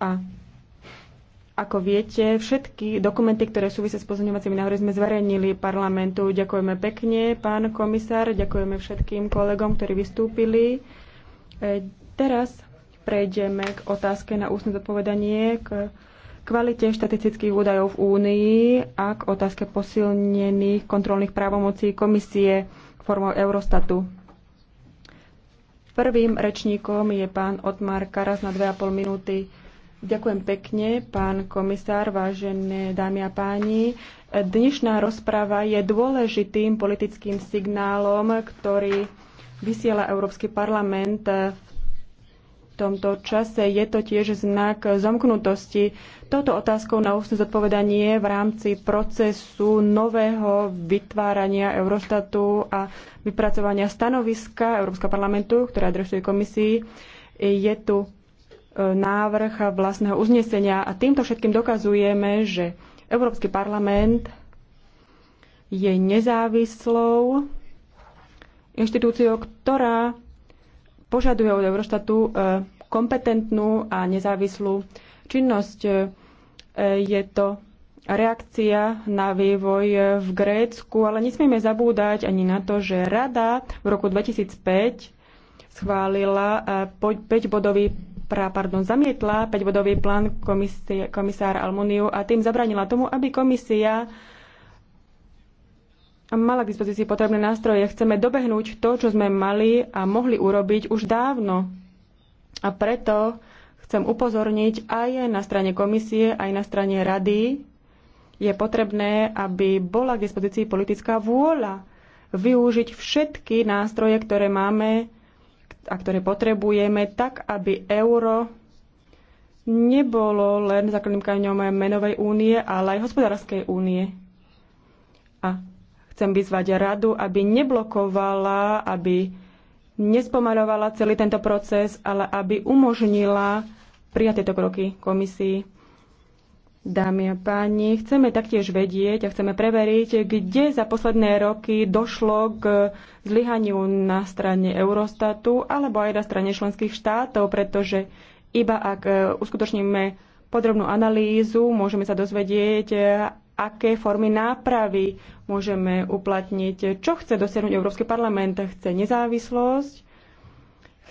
A ako viete, všetky dokumenty, ktoré súvisia s pozorňovacími návrhy, sme zverejnili parlamentu. Ďakujeme pekne, pán komisár, ďakujeme všetkým kolegom, ktorí vystúpili. E, teraz prejdeme k otázke na ústne zodpovedanie k kvalite štatistických údajov v Únii a k otázke posilnených kontrolných právomocí komisie formou Eurostatu. Prvým rečníkom je pán Otmar Karas na 2,5 minúty. Ďakujem pekne, pán komisár, vážené dámy a páni. Dnešná rozprava je dôležitým politickým signálom, ktorý vysiela Európsky parlament v tomto čase. Je to tiež znak zomknutosti. Toto otázkou na ústne zodpovedanie v rámci procesu nového vytvárania Eurostatu a vypracovania stanoviska Európskeho parlamentu, ktoré adresuje komisii, je tu návrh vlastného uznesenia a týmto všetkým dokazujeme, že Európsky parlament je nezávislou inštitúciou, ktorá požaduje od Eurostatu e, kompetentnú a nezávislú činnosť. E, je to reakcia na vývoj v Grécku, ale nesmieme zabúdať ani na to, že Rada v roku 2005 schválila 5-bodový e, pra, pardon, zamietla 5-bodový plán komisie, komisár Almuniu a tým zabranila tomu, aby komisia mala k dispozícii potrebné nástroje. Chceme dobehnúť to, čo sme mali a mohli urobiť už dávno. A preto chcem upozorniť aj na strane komisie, aj na strane rady, je potrebné, aby bola k dispozícii politická vôľa využiť všetky nástroje, ktoré máme a ktoré potrebujeme, tak aby euro nebolo len základným kameňom menovej únie, ale aj hospodárskej únie. A chcem vyzvať radu, aby neblokovala, aby nespomalovala celý tento proces, ale aby umožnila prijať tieto kroky komisii Dámy a páni, chceme taktiež vedieť a chceme preveriť, kde za posledné roky došlo k zlyhaniu na strane Eurostatu alebo aj na strane členských štátov, pretože iba ak e, uskutočníme podrobnú analýzu, môžeme sa dozvedieť, e, aké formy nápravy môžeme uplatniť. Čo chce dosiahnuť Európsky parlament? Chce nezávislosť,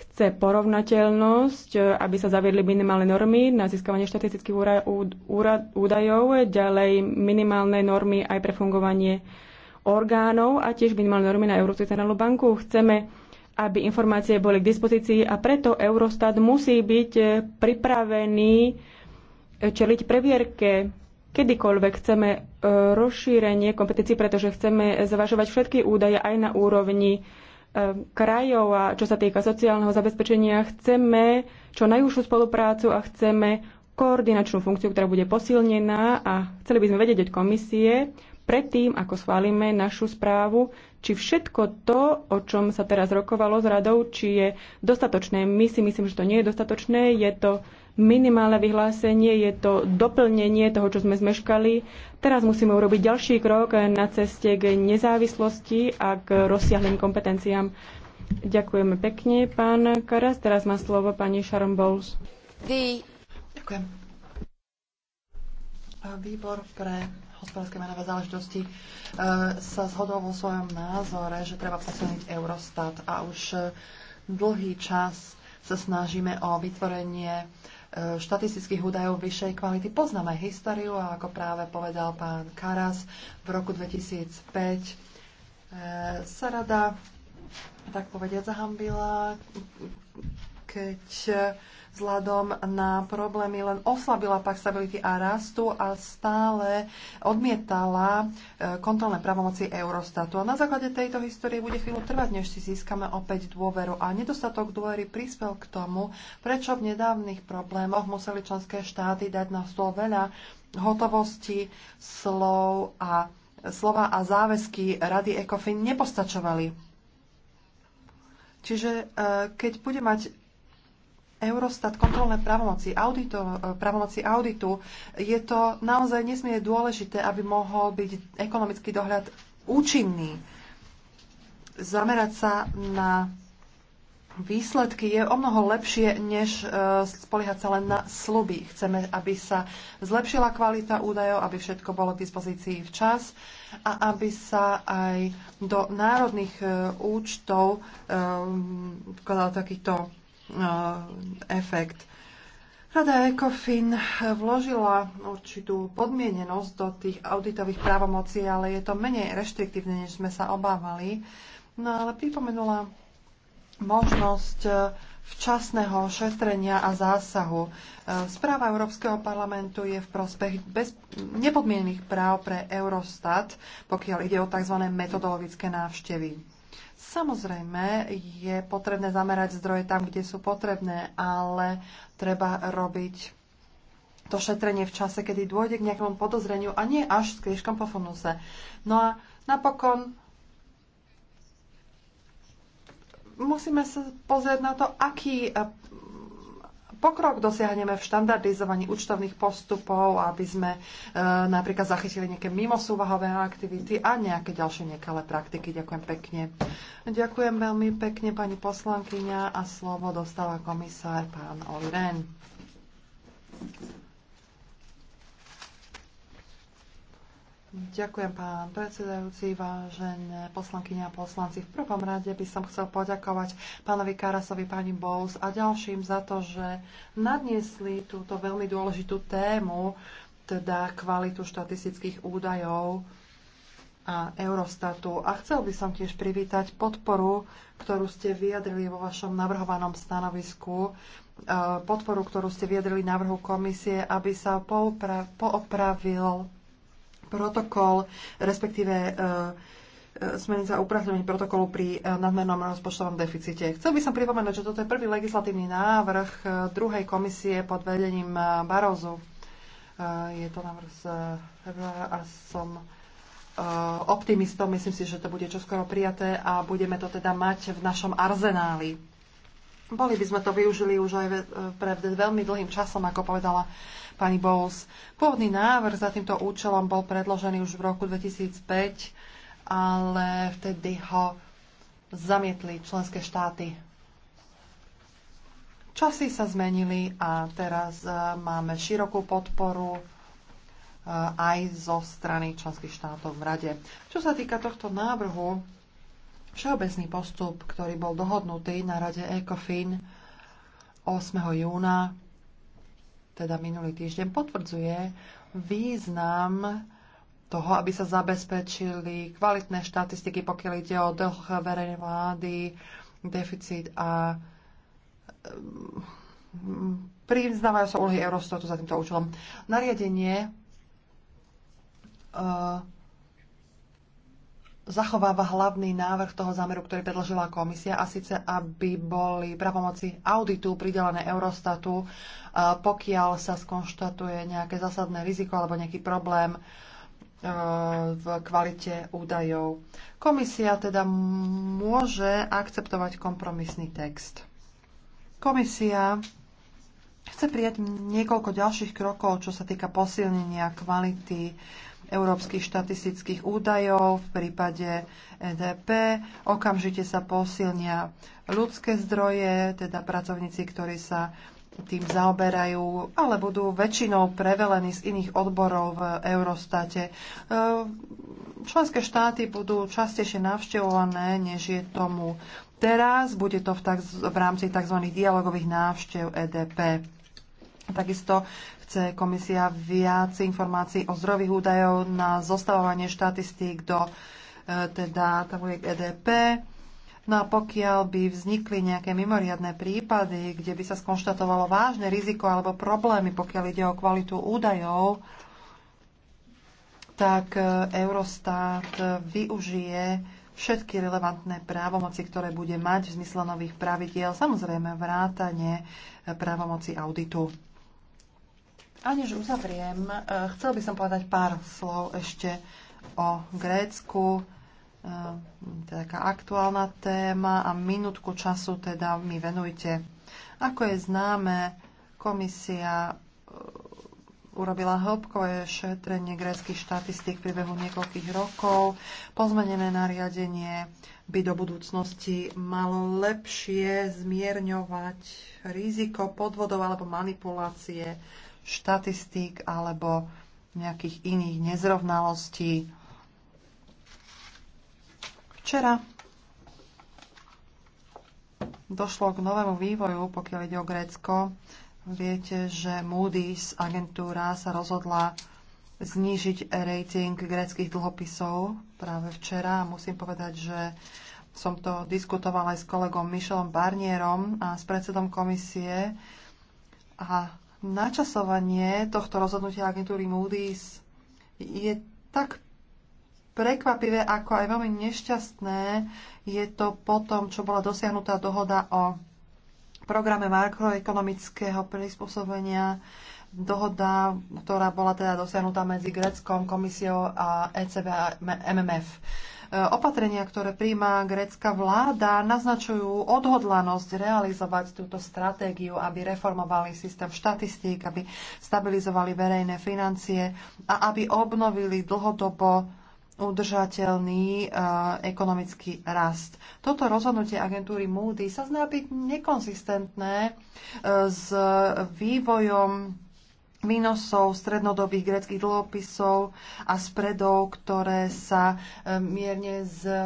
chce porovnateľnosť, e, aby sa zaviedli minimálne normy na získavanie štatistických údajov, ďalej minimálne normy aj pre fungovanie orgánov a tiež minimálne normy na Európsku centrálnu banku. Chceme, aby informácie boli k dispozícii a preto Eurostat musí byť e, pripravený e, čeliť previerke kedykoľvek chceme rozšírenie kompetencií, pretože chceme zvažovať všetky údaje aj na úrovni Ehm, krajov a čo sa týka sociálneho zabezpečenia, chceme čo najúžšiu spoluprácu a chceme koordinačnú funkciu, ktorá bude posilnená a chceli by sme vedieť od komisie predtým, ako schválime našu správu, či všetko to, o čom sa teraz rokovalo s radou, či je dostatočné. My si myslím, že to nie je dostatočné. Je to minimálne vyhlásenie, je to doplnenie toho, čo sme zmeškali. Teraz musíme urobiť ďalší krok na ceste k nezávislosti a k rozsiahlým kompetenciám. Ďakujeme pekne, pán Karas. Teraz má slovo pani Sharon Bowles. Vy. Ďakujem. Výbor pre hospodárske menové záležitosti eh, sa zhodol vo svojom názore, že treba posilniť Eurostat a už eh, dlhý čas sa snažíme o vytvorenie štatistických údajov vyššej kvality. Poznáme históriu a ako práve povedal pán Karas, v roku 2005 eh, sa rada tak povediať zahambila keď eh, vzhľadom na problémy len oslabila pak stability a rastu a stále odmietala eh, kontrolné pravomoci Eurostatu. A na základe tejto histórie bude chvíľu trvať, než si získame opäť dôveru. A nedostatok dôvery prispel k tomu, prečo v nedávnych problémoch museli členské štáty dať na stôl veľa hotovosti, slov a slova a záväzky Rady ECOFIN nepostačovali. Čiže eh, keď bude mať Eurostat kontrolné pravomoci, audito, pravomoci auditu. Je to naozaj nesmierne dôležité, aby mohol byť ekonomický dohľad účinný. Zamerať sa na výsledky je o mnoho lepšie, než e, spoliehať sa len na sluby. Chceme, aby sa zlepšila kvalita údajov, aby všetko bolo k dispozícii včas a aby sa aj do národných e, účtov e, vkladalo takýto Eh, efekt. Rada ECOFIN vložila určitú podmienenosť do tých auditových právomocí, ale je to menej reštriktívne, než sme sa obávali. No ale pripomenula možnosť eh, včasného šetrenia a zásahu. Eh, správa Európskeho parlamentu je v prospech bez, nepodmienných práv pre Eurostat, pokiaľ ide o tzv. metodologické návštevy. Samozrejme, je potrebné zamerať zdroje tam, kde sú potrebné, ale treba robiť to šetrenie v čase, kedy dôjde k nejakému podozreniu a nie až s krížkom po funuse. No a napokon musíme sa pozrieť na to, aký pokrok dosiahneme v štandardizovaní účtovných postupov, aby sme e, napríklad zachytili nejaké mimosúvahové aktivity a nejaké ďalšie nekalé praktiky. Ďakujem pekne. Ďakujem veľmi pekne pani poslankyňa a slovo dostáva komisár pán Oli you. Ďakujem, pán predsedajúci, vážené poslankyne a poslanci. V prvom rade by som chcel poďakovať pánovi Karasovi, pani Bous a ďalším za to, že nadniesli túto veľmi dôležitú tému, teda kvalitu štatistických údajov a Eurostatu. A chcel by som tiež privítať podporu, ktorú ste vyjadrili vo vašom navrhovanom stanovisku, e, podporu, ktorú ste vyjadrili návrhu komisie, aby sa poopravil protokol, respektíve e, e, smernica o upratňovaní protokolu pri e, nadmernom rozpočtovom deficite. Chcel by som pripomenúť, že toto je prvý legislatívny návrh druhej komisie pod vedením Barozu. Je to návrh z a som optimistom. Myslím si, že to bude čoskoro prijaté a budeme to teda mať v našom arzenáli. Boli by sme to využili už aj e, pred veľmi dlhým časom, ako povedala pani Bowles. Pôvodný návrh za týmto účelom bol predložený už v roku 2005, ale vtedy ho zamietli členské štáty. Časy sa zmenili a teraz e, máme širokú podporu e, aj zo strany členských štátov v Rade. Čo sa týka tohto návrhu, Všeobecný postup, ktorý bol dohodnutý na rade ECOFIN 8. júna, teda minulý týždeň, potvrdzuje význam toho, aby sa zabezpečili kvalitné štatistiky, pokiaľ ide o dlh verejnej vlády, deficit a mm, priznávajú sa úlohy Eurostatu za týmto účelom. Nariadenie uh, zachováva hlavný návrh toho zámeru, ktorý predložila komisia, a síce, aby boli pravomoci auditu pridelené Eurostatu, pokiaľ sa skonštatuje nejaké zásadné riziko alebo nejaký problém e, v kvalite údajov. Komisia teda môže akceptovať kompromisný text. Komisia chce prijať niekoľko ďalších krokov, čo sa týka posilnenia kvality európskych štatistických údajov v prípade EDP. Okamžite sa posilnia ľudské zdroje, teda pracovníci, ktorí sa tým zaoberajú, ale budú väčšinou prevelení z iných odborov v Eurostate. E, členské štáty budú častejšie navštevované, než je tomu teraz. Bude to v, tak, v rámci tzv. dialogových návštev EDP. Takisto Chce komisia viac informácií o zdrových údajov na zostavovanie štatistík do e, teda tabuliek EDP. No a pokiaľ by vznikli nejaké mimoriadné prípady, kde by sa skonštatovalo vážne riziko alebo problémy, pokiaľ ide o kvalitu údajov, tak e, Eurostat využije všetky relevantné právomoci, ktoré bude mať v zmysle nových pravidiel, samozrejme vrátanie právomoci auditu. A než uzavriem, eh, chcel by som povedať pár slov ešte o Grécku. Eh, to je taká aktuálna téma a minútku času teda mi venujte. Ako je známe, komisia eh, urobila hĺbkové šetrenie gréckych štatistík v priebehu niekoľkých rokov. Pozmenené nariadenie by do budúcnosti malo lepšie zmierňovať riziko podvodov alebo manipulácie štatistík alebo nejakých iných nezrovnalostí. Včera došlo k novému vývoju, pokiaľ ide o Grécko. Viete, že Moody's agentúra sa rozhodla znížiť rating gréckých dlhopisov práve včera. Musím povedať, že som to diskutovala aj s kolegom Michelom Barnierom a s predsedom komisie a Načasovanie tohto rozhodnutia agentúry Moody's je tak prekvapivé, ako aj veľmi nešťastné. Je to po tom, čo bola dosiahnutá dohoda o programe makroekonomického prispôsobenia dohoda, ktorá bola teda dosiahnutá medzi Greckom, komisiou a ECB a MMF. E, opatrenia, ktoré príjma grécka vláda, naznačujú odhodlanosť realizovať túto stratégiu, aby reformovali systém štatistík, aby stabilizovali verejné financie a aby obnovili dlhodobo udržateľný e, ekonomický rast. Toto rozhodnutie agentúry Moody sa zná byť nekonzistentné e, s vývojom výnosov strednodobých greckých dlhopisov a spredov, ktoré sa e, mierne z, e,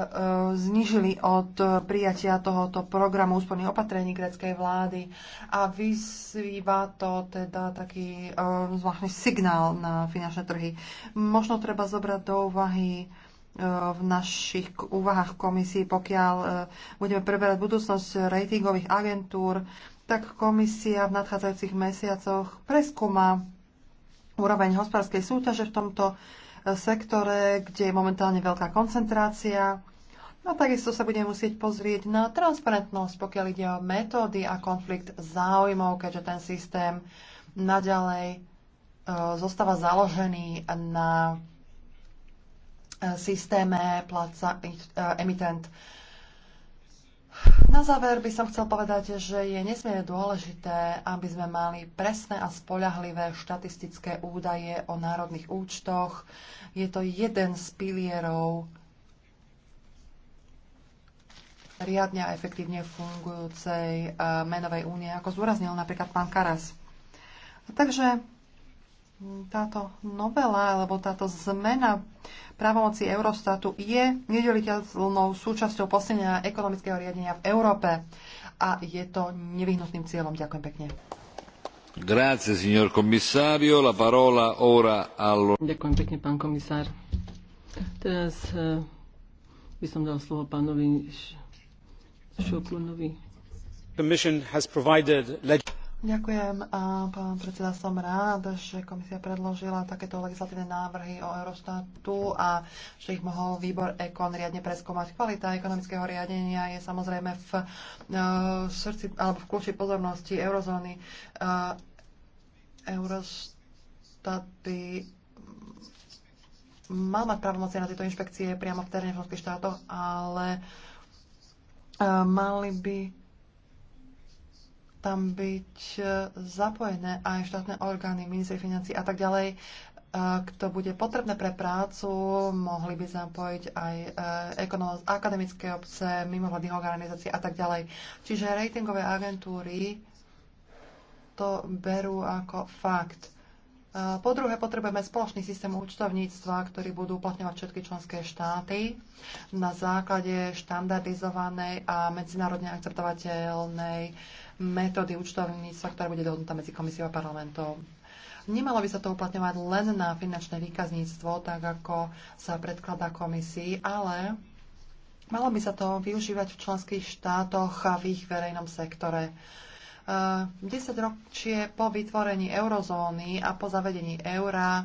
znižili od e, prijatia tohoto programu úsporných opatrení greckej vlády a vyzýva to teda taký zvláštny signál na finančné trhy. Možno treba zobrať do úvahy v našich úvahách komisii, pokiaľ budeme preberať budúcnosť ratingových agentúr, tak komisia v nadchádzajúcich mesiacoch preskúma úroveň hospodárskej súťaže v tomto e, sektore, kde je momentálne veľká koncentrácia. No takisto sa budeme musieť pozrieť na transparentnosť, pokiaľ ide o metódy a konflikt záujmov, keďže ten systém naďalej e, zostáva založený na e, systéme placa, emitent na záver by som chcel povedať, že je nesmierne dôležité, aby sme mali presné a spoľahlivé štatistické údaje o národných účtoch. Je to jeden z pilierov riadne a efektívne fungujúcej eh, menovej únie, ako zúraznil napríklad pán Karas. Takže táto novela alebo táto zmena právomoci Eurostatu je nedeliteľnou súčasťou posilnenia ekonomického riadenia v Európe a je to nevyhnutným cieľom. Ďakujem pekne. Grazie, signor commissario. La parola ora allo... Ďakujem pekne, pán komisár. Teraz uh, by som dal slovo pánovi Šoklunovi. Commission has provided Ďakujem, a pán predseda, som rád, že komisia predložila takéto legislatívne návrhy o Eurostatu a že ich mohol výbor EKON riadne preskúmať. Kvalita ekonomického riadenia je samozrejme v, v e, srdci alebo v kľúči pozornosti eurozóny. E, Eurostaty má mal mať právomoci na tieto inšpekcie priamo v teréne v štátoch, ale e, mali by tam byť e, zapojené aj štátne orgány, ministri financí a tak ďalej. Ak e, to bude potrebné pre prácu, mohli by zapojiť aj e, ekonomov z akademickej obce, mimovládnych organizácií a tak ďalej. Čiže ratingové agentúry to berú ako fakt. Po druhé, potrebujeme spoločný systém účtovníctva, ktorý budú uplatňovať všetky členské štáty na základe štandardizovanej a medzinárodne akceptovateľnej metódy účtovníctva, ktorá bude dohodnutá medzi komisiou a parlamentom. Nemalo by sa to uplatňovať len na finančné výkazníctvo, tak ako sa predkladá komisii, ale malo by sa to využívať v členských štátoch a v ich verejnom sektore. 10 eh, ročie po vytvorení eurozóny a po zavedení eura eh,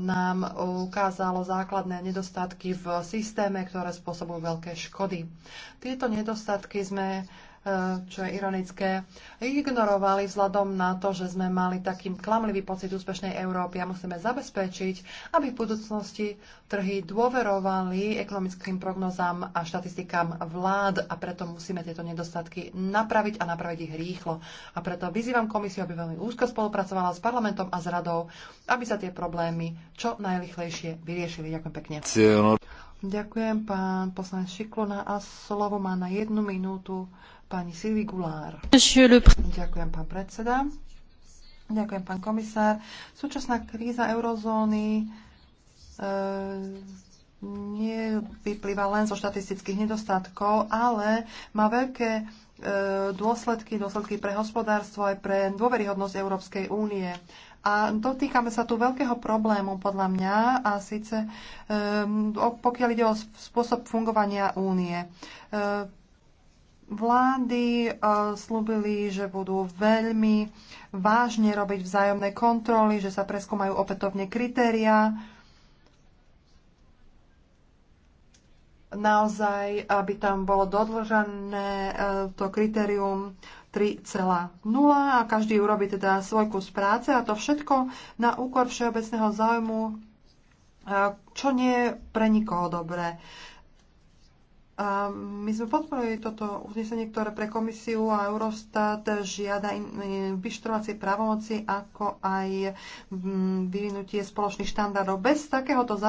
nám ukázalo základné nedostatky v systéme, ktoré spôsobujú veľké škody. Tieto nedostatky sme čo je ironické, ignorovali vzhľadom na to, že sme mali taký klamlivý pocit úspešnej Európy a musíme zabezpečiť, aby v budúcnosti trhy dôverovali ekonomickým prognozám a štatistikám vlád a preto musíme tieto nedostatky napraviť a napraviť ich rýchlo. A preto vyzývam komisiu, aby veľmi úzko spolupracovala s parlamentom a s radou, aby sa tie problémy čo najrychlejšie vyriešili. Ďakujem pekne. Ďakujem, pán poslanec Šiklona a slovo má na jednu minútu Pani Silvi Gulár. Ďakujem, pán predseda. Ďakujem, pán komisár. Súčasná kríza eurozóny e nevyplýva len zo štatistických nedostatkov, ale má veľké e, dôsledky, dôsledky pre hospodárstvo aj pre dôveryhodnosť Európskej únie. A dotýkame sa tu veľkého problému, podľa mňa, a síce e, pokiaľ ide o spôsob fungovania únie. E, Vlády e, slúbili, že budú veľmi vážne robiť vzájomné kontroly, že sa preskúmajú opätovne kritéria. Naozaj, aby tam bolo dodlžané e, to kritérium 3,0 a každý urobí teda svoj kus práce a to všetko na úkor všeobecného záujmu, e, čo nie je pre nikoho dobré. A my sme podporili toto uznesenie, ktoré pre komisiu a Eurostat žiada e, vyštrovacie právomoci, ako aj vyvinutie spoločných štandardov. Bez takéhoto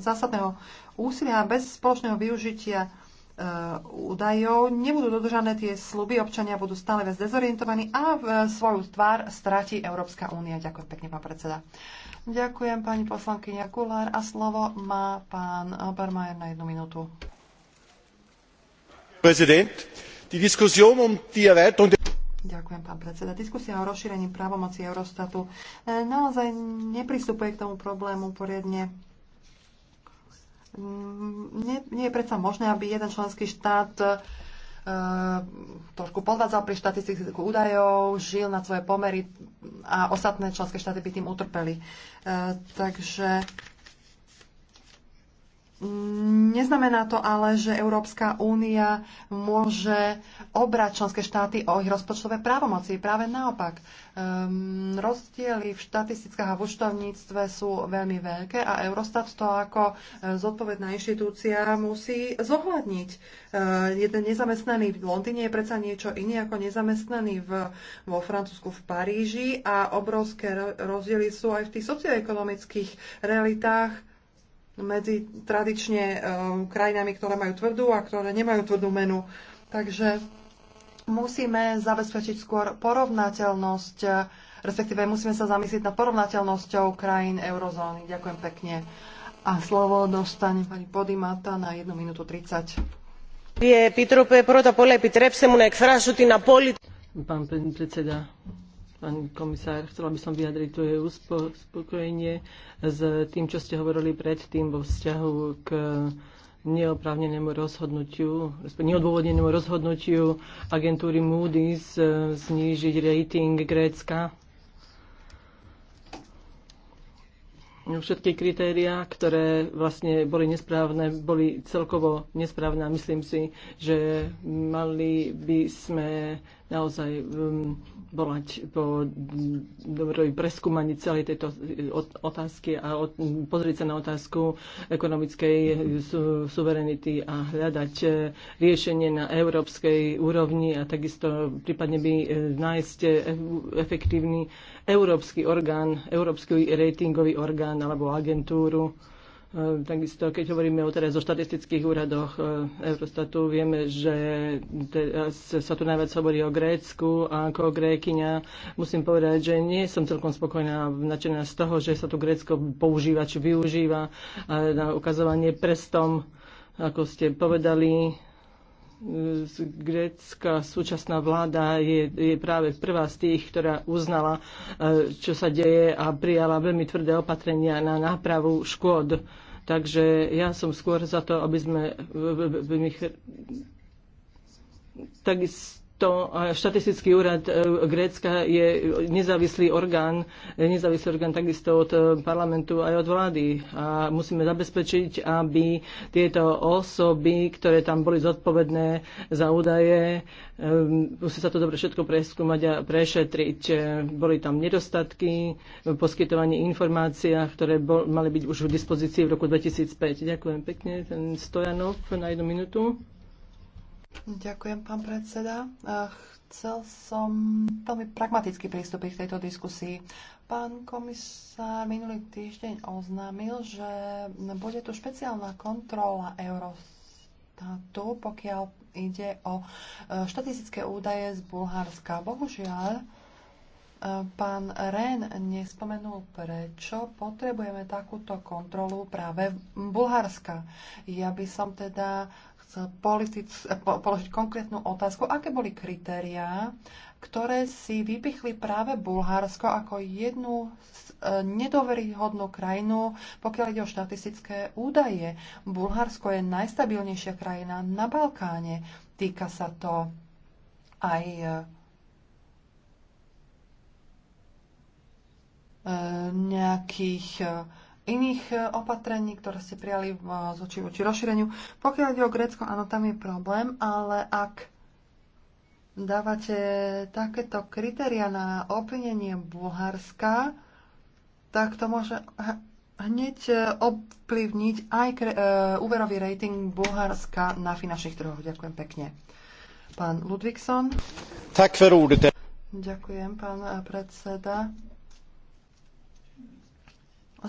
zásadného úsilia, bez spoločného využitia e, údajov nebudú dodržané tie sluby, občania budú stále viac dezorientovaní a v svoju tvár stráti Európska únia. Ďakujem pekne, pán predseda. Ďakujem pani poslankyňa Kulár a slovo má pán Obermajer na jednu minútu. Um Ďakujem, pán predseda. Diskusia o rozšírení právomoci Eurostatu e, naozaj nepristupuje k tomu problému poriadne. Mm, nie, nie je predsa možné, aby jeden členský štát e, trošku podvádzal pri štatistických údajov, žil na svoje pomery a ostatné členské štáty by tým utrpeli. E, takže Neznamená to ale, že Európska únia môže obrať členské štáty o ich rozpočtové právomoci. Práve naopak, um, rozdiely v štatistikách a v účtovníctve sú veľmi veľké a Eurostat to ako e, zodpovedná inštitúcia musí zohľadniť. Uh, jeden nezamestnaný v Londýne je predsa niečo iné ako nezamestnaný v, vo Francúzsku v Paríži a obrovské rozdiely sú aj v tých socioekonomických realitách medzi tradične krajinami, ktoré majú tvrdú a ktoré nemajú tvrdú menu. Takže musíme zabezpečiť skôr porovnateľnosť, respektíve musíme sa zamyslieť nad porovnateľnosťou krajín eurozóny. Ďakujem pekne. A slovo dostane pani Podimata na 1 minútu 30. Pán predseda, pán komisár, chcela by som vyjadriť tvoje uspokojenie s tým, čo ste hovorili predtým vo vzťahu k neoprávnenému rozhodnutiu, neodôvodnenému rozhodnutiu agentúry Moody's e, znížiť rating Grécka. No, všetky kritériá, ktoré vlastne boli nesprávne, boli celkovo nesprávne a myslím si, že mali by sme naozaj um, volať po mm, preskúmaní celej tejto e, otázky a pozrieť sa na otázku ekonomickej e, suverenity a hľadať e, riešenie na európskej úrovni a takisto prípadne by nájsť efektívny európsky orgán, európsky ratingový orgán alebo agentúru, Ehm, takisto, keď hovoríme o teraz o štatistických úradoch ehm, Eurostatu, vieme, že sa tu najviac hovorí o Grécku a ako Grékyňa musím povedať, že nie som celkom spokojná načená z toho, že sa tu Grécko používa či využíva na ukazovanie prstom, ako ste povedali, grécka súčasná vláda je, je práve prvá z tých, ktorá uznala, ehm, čo sa deje a prijala veľmi tvrdé opatrenia na nápravu škôd Takže ja som skôr za to, aby sme... Aby, aby, takisto to e, štatistický úrad e, Grécka je nezávislý orgán, e, nezávislý orgán takisto od parlamentu aj od vlády. A musíme zabezpečiť, aby tieto osoby, ktoré tam boli zodpovedné za údaje, musí sa to dobre všetko preskúmať a prešetriť. Boli tam nedostatky v poskytovaní informácií, ktoré bol, mali byť už v dispozícii v roku 2005. Ďakujem pekne. Ten Stojanov na jednu minútu. Ďakujem, pán predseda. Eh, chcel som veľmi pragmaticky prístupiť k tejto diskusii. Pán komisár minulý týždeň oznámil, že bude tu špeciálna kontrola Eurostatu, pokiaľ ide o eh, štatistické údaje z Bulharska. Bohužiaľ, eh, pán Ren nespomenul, prečo potrebujeme takúto kontrolu práve v Bulharska. Ja by som teda politic, eh, položiť konkrétnu otázku, aké boli kritériá, ktoré si vypichli práve Bulharsko ako jednu nedoverihodnú nedoveryhodnú krajinu, pokiaľ ide o štatistické údaje. Bulharsko je najstabilnejšia krajina na Balkáne. Týka sa to aj eh, nejakých eh, iných e, opatrení, ktoré ste prijali e, z očí voči rozšíreniu. Pokiaľ ide o Grécko, áno, tam je problém, ale ak dávate takéto kritéria na obvinenie Bulharska, tak to môže hneď e, ovplyvniť aj úverový rating Bulharska na finančných trhoch. Ďakujem pekne. Pán Ludvíkson. Tak Ďakujem, pán predseda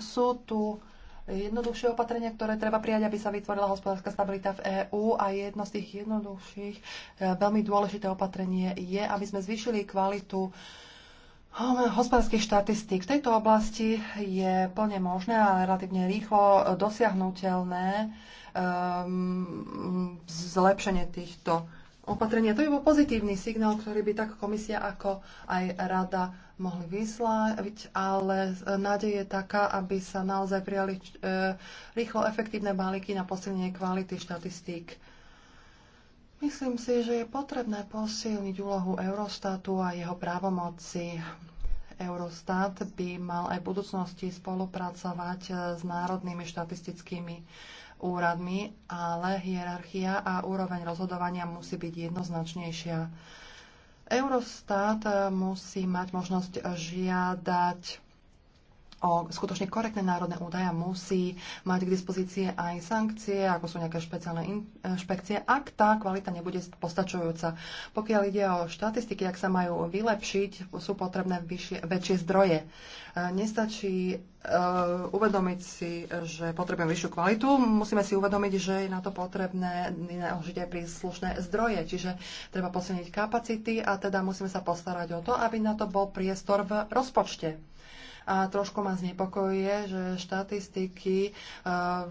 sú tu jednoduchšie opatrenia, ktoré treba prijať, aby sa vytvorila hospodárska stabilita v EÚ a jedno z tých jednoduchších, e, veľmi dôležité opatrenie je, aby sme zvýšili kvalitu um, hospodárskych štatistík. V tejto oblasti je plne možné a relatívne rýchlo dosiahnutelné um, zlepšenie týchto opatrenia. To by bol pozitívny signál, ktorý by tak komisia ako aj rada mohli vyslať, ale nádej je taká, aby sa naozaj prijali e, rýchlo efektívne balíky na posilnenie kvality štatistík. Myslím si, že je potrebné posilniť úlohu Eurostatu a jeho právomoci. Eurostat by mal aj v budúcnosti spolupracovať s národnými štatistickými úradmi, ale hierarchia a úroveň rozhodovania musí byť jednoznačnejšia. Eurostat eh, musí mať možnosť žiadať o skutočne korektné národné údaje musí mať k dispozície aj sankcie, ako sú nejaké špeciálne inšpekcie, ak tá kvalita nebude postačujúca. Pokiaľ ide o štatistiky, ak sa majú vylepšiť, sú potrebné vyššie, väčšie zdroje. E, nestačí e, uvedomiť si, že potrebujeme vyššiu kvalitu, musíme si uvedomiť, že je na to potrebné naložiť aj príslušné zdroje, čiže treba posilniť kapacity a teda musíme sa postarať o to, aby na to bol priestor v rozpočte a trošku ma znepokojuje, že štatistiky e,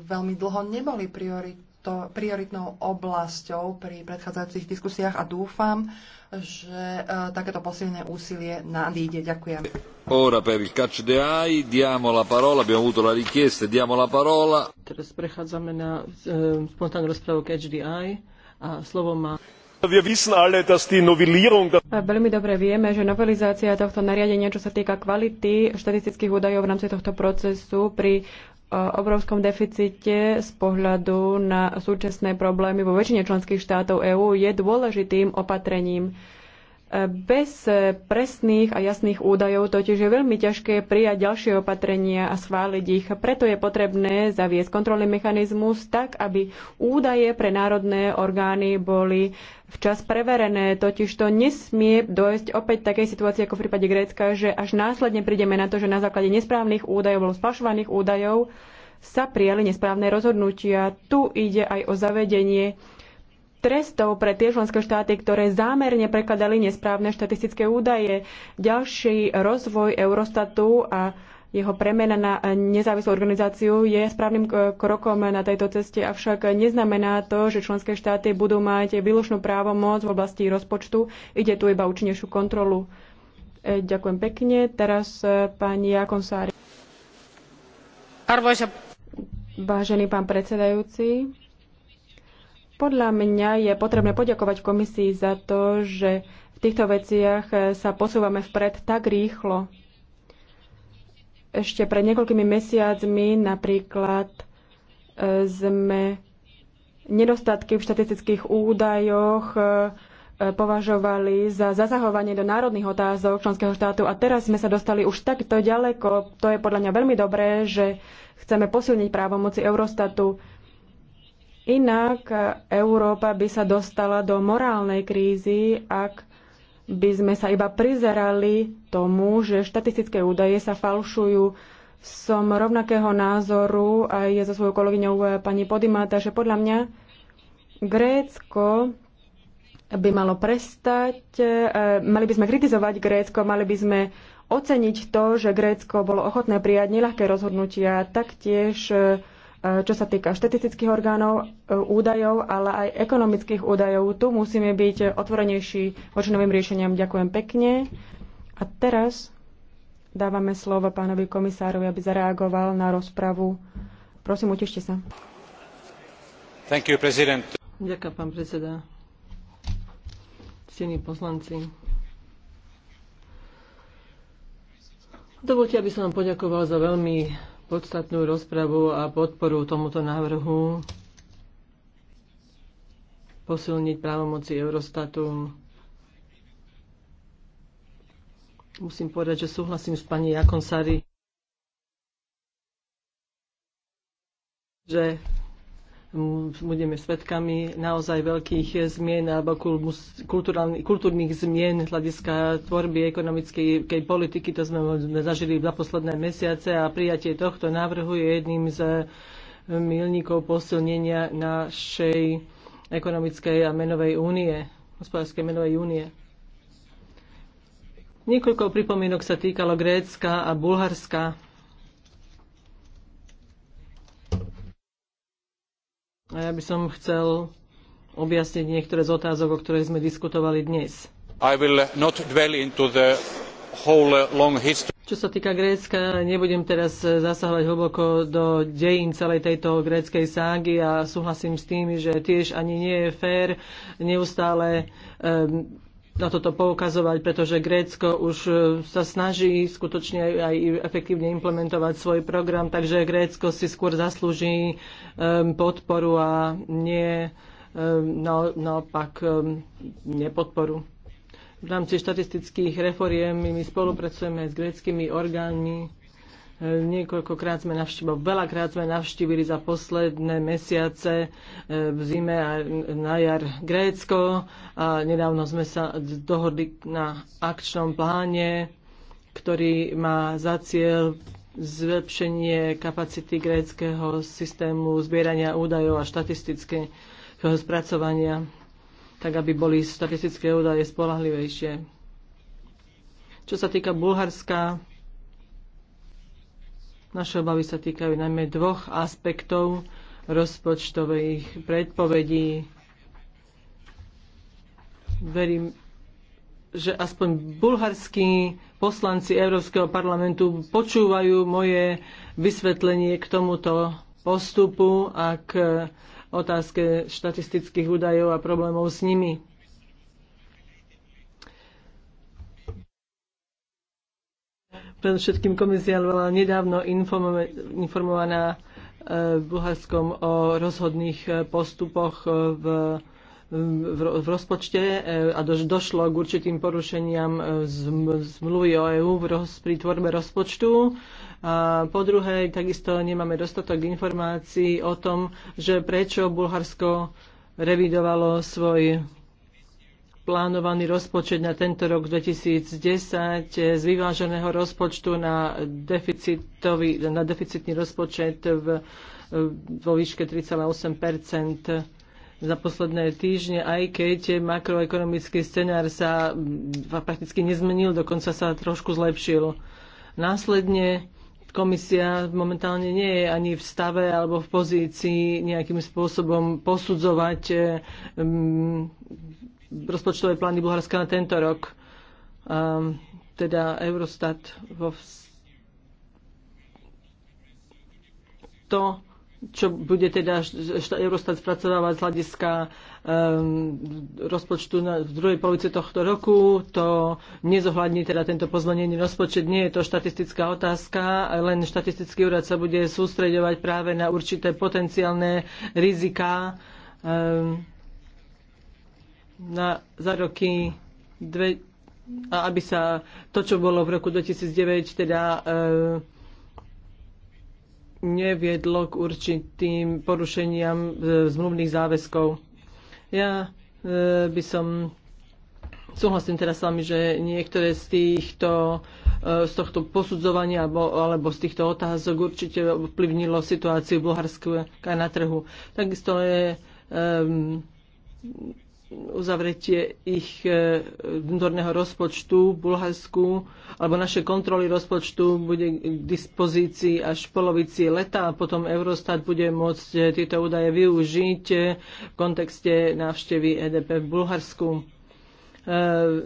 veľmi dlho neboli priorit prioritnou oblasťou pri predchádzajúcich diskusiách a dúfam, že e, takéto posilné úsilie nadíde. Ďakujem. Ora per il catch the eye, diamo la parola, abbiamo avuto la richiesta, diamo la parola. Teraz prechádzame na e, spontánnu rozprávu catch the eye a slovo má... Veľmi dobre vieme, že novelizácia tohto nariadenia, čo sa týka kvality štatistických údajov v rámci tohto procesu pri e, obrovskom deficite z pohľadu na súčasné problémy vo väčšine členských štátov EÚ je dôležitým opatrením bez presných a jasných údajov totiž je veľmi ťažké prijať ďalšie opatrenia a schváliť ich. Preto je potrebné zaviesť kontrolný mechanizmus tak, aby údaje pre národné orgány boli včas preverené. Totiž to nesmie dojsť opäť takej situácii ako v prípade Grécka, že až následne prídeme na to, že na základe nesprávnych údajov alebo spašovaných údajov sa prijali nesprávne rozhodnutia. Tu ide aj o zavedenie trestov pre tie členské štáty, ktoré zámerne prekladali nesprávne štatistické údaje. Ďalší rozvoj Eurostatu a jeho premena na nezávislú organizáciu je správnym eh, krokom na tejto ceste, avšak neznamená to, že členské štáty budú mať výlučnú právomoc v oblasti rozpočtu. Ide tu iba účinnejšiu kontrolu. Eh, ďakujem pekne. Teraz eh, pani Jakonsári. Arvoisa. Vážený pán predsedajúci, podľa mňa je potrebné poďakovať komisii za to, že v týchto veciach sa posúvame vpred tak rýchlo. Ešte pred niekoľkými mesiacmi napríklad e, sme nedostatky v štatistických údajoch e, považovali za zasahovanie do národných otázok členského štátu a teraz sme sa dostali už takto ďaleko. To je podľa mňa veľmi dobré, že chceme posilniť právomoci Eurostatu. Inak Európa by sa dostala do morálnej krízy, ak by sme sa iba prizerali tomu, že štatistické údaje sa falšujú. Som rovnakého názoru aj je so svojou kolegyňou eh, pani Podimata, že podľa mňa Grécko by malo prestať, eh, mali by sme kritizovať Grécko, mali by sme oceniť to, že Grécko bolo ochotné prijať nelahké rozhodnutia, taktiež eh, čo sa týka štatistických orgánov, e, údajov, ale aj ekonomických údajov. Tu musíme byť otvorenejší voči novým riešeniam. Ďakujem pekne. A teraz dávame slovo pánovi komisárovi, aby zareagoval na rozpravu. Prosím, utešte sa. Thank you, president. Ďakujem, pán predseda. Ctení poslanci. Dovolte, aby som vám poďakoval za veľmi podstatnú rozpravu a podporu tomuto návrhu posilniť právomoci Eurostatu. Musím povedať, že súhlasím s pani Jakonsari, že budeme svedkami naozaj veľkých zmien alebo kultúrnych zmien z hľadiska tvorby ekonomickej politiky. To sme zažili za posledné mesiace a prijatie tohto návrhu je jedným z e, milníkov posilnenia našej ekonomickej a menovej únie, hospodárskej menovej únie. Niekoľko pripomienok sa týkalo Grécka a Bulharska. A ja by som chcel objasniť niektoré z otázok, o ktorých sme diskutovali dnes. I will not dwell into the whole uh, long history. Čo sa týka Grécka, nebudem teraz uh, zasahovať hlboko do dejín celej tejto gréckej ságy a súhlasím s tým, že tiež ani nie je fér neustále um, na toto poukazovať, pretože Grécko už e, sa snaží skutočne aj efektívne implementovať svoj program, takže Grécko si skôr zaslúži podporu a nie no, naopak nepodporu. V rámci štatistických reforiem my spolupracujeme s gréckými orgánmi, Niekoľkokrát sme navštívili, veľakrát sme navštívili za posledné mesiace e, v zime a na jar Grécko a nedávno sme sa dohodli na akčnom pláne, ktorý má za cieľ zlepšenie kapacity gréckého systému zbierania údajov a štatistického spracovania, tak aby boli štatistické údaje spolahlivejšie. Čo sa týka Bulharska, naše obavy sa týkajú najmä dvoch aspektov rozpočtových predpovedí. Verím, že aspoň bulharskí poslanci Európskeho parlamentu počúvajú moje vysvetlenie k tomuto postupu a k otázke štatistických údajov a problémov s nimi. Predovšetkým komisia bola nedávno informovaná e, v Bulharskom o rozhodných e, postupoch e, v, v, v rozpočte a do, došlo k určitým porušeniam zmluvy o EÚ roz, pri tvorbe rozpočtu. A po druhé, takisto nemáme dostatok informácií o tom, že prečo Bulharsko revidovalo svoj plánovaný rozpočet na tento rok 2010 z vyváženého rozpočtu na, deficitový, na deficitný rozpočet v, vo výške 3,8 za posledné týždne, aj keď makroekonomický scenár sa prakticky nezmenil, dokonca sa trošku zlepšil. Následne komisia momentálne nie je ani v stave alebo v pozícii nejakým spôsobom posudzovať rozpočtové plány Bulharska na tento rok. Um, teda Eurostat vo vz... to, čo bude teda Eurostat spracovávať z hľadiska um, rozpočtu na, v druhej polovici tohto roku, to nezohľadní teda tento pozmenený rozpočet. Nie je to štatistická otázka, len štatistický úrad sa bude sústreďovať práve na určité potenciálne riziká um, ehm, na, za roky dve, a aby sa to, čo bolo v roku 2009, teda e, neviedlo k určitým porušeniam e, zmluvných záväzkov. Ja e, by som súhlasím teraz s vami, že niektoré z týchto e, z tohto posudzovania alebo, alebo z týchto otázok určite ovplyvnilo situáciu v Bulharsku aj na trhu. Takisto je um, uzavretie ich e, vnútorného rozpočtu v Bulharsku, alebo naše kontroly rozpočtu bude k dispozícii až v polovici leta a potom Eurostat bude môcť tieto údaje využiť e, v kontekste návštevy EDP v Bulharsku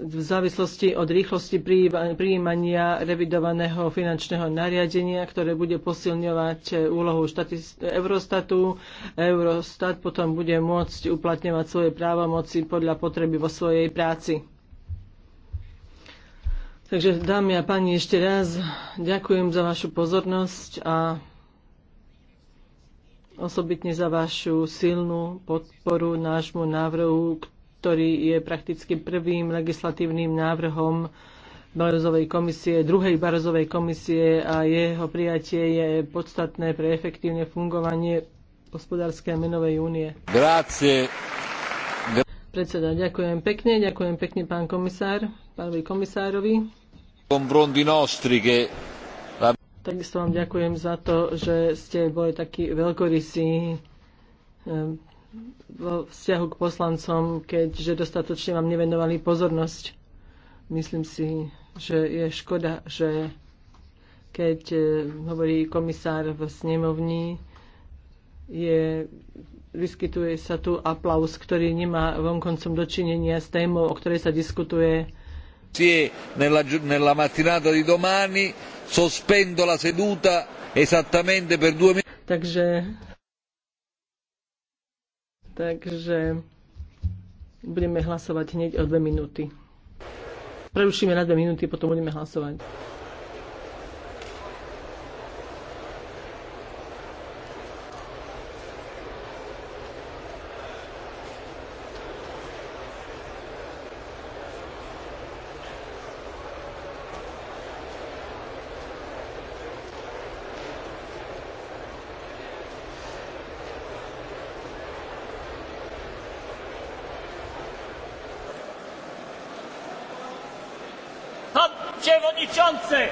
v závislosti od rýchlosti prijímania revidovaného finančného nariadenia, ktoré bude posilňovať úlohu Eurostatu. Eurostat potom bude môcť uplatňovať svoje právomoci podľa potreby vo svojej práci. Takže dámy a páni, ešte raz ďakujem za vašu pozornosť a osobitne za vašu silnú podporu nášmu návrhu, ktorý je prakticky prvým legislatívnym návrhom Barozovej komisie, druhej Barozovej komisie a jeho prijatie je podstatné pre efektívne fungovanie hospodárskej a menovej únie. Grazie. Predseda, ďakujem pekne, ďakujem pekne pán komisár, pánovi komisárovi. Takisto vám ďakujem za to, že ste boli takí veľkorysí ehm, vo vzťahu k poslancom, keďže dostatočne vám nevenovali pozornosť. Myslím si, že je škoda, že keď e, hovorí komisár v snemovni, je, vyskytuje sa tu aplaus, ktorý nemá vonkoncom dočinenia s témou, o ktorej sa diskutuje. Sie Nella, nella mattinata di domani sospendo la seduta esattamente per due minuti. Takže Takže budeme hlasovať hneď o dve minúty. Prerušíme na dve minúty, potom budeme hlasovať. przewodniczący!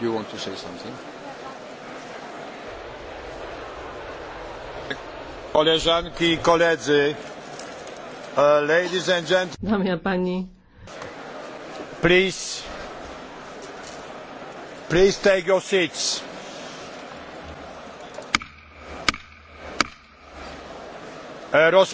Do you want to say something? Koleżanki i koledzy, uh, ladies and gentlemen, pani. please, please take your seats. Uh,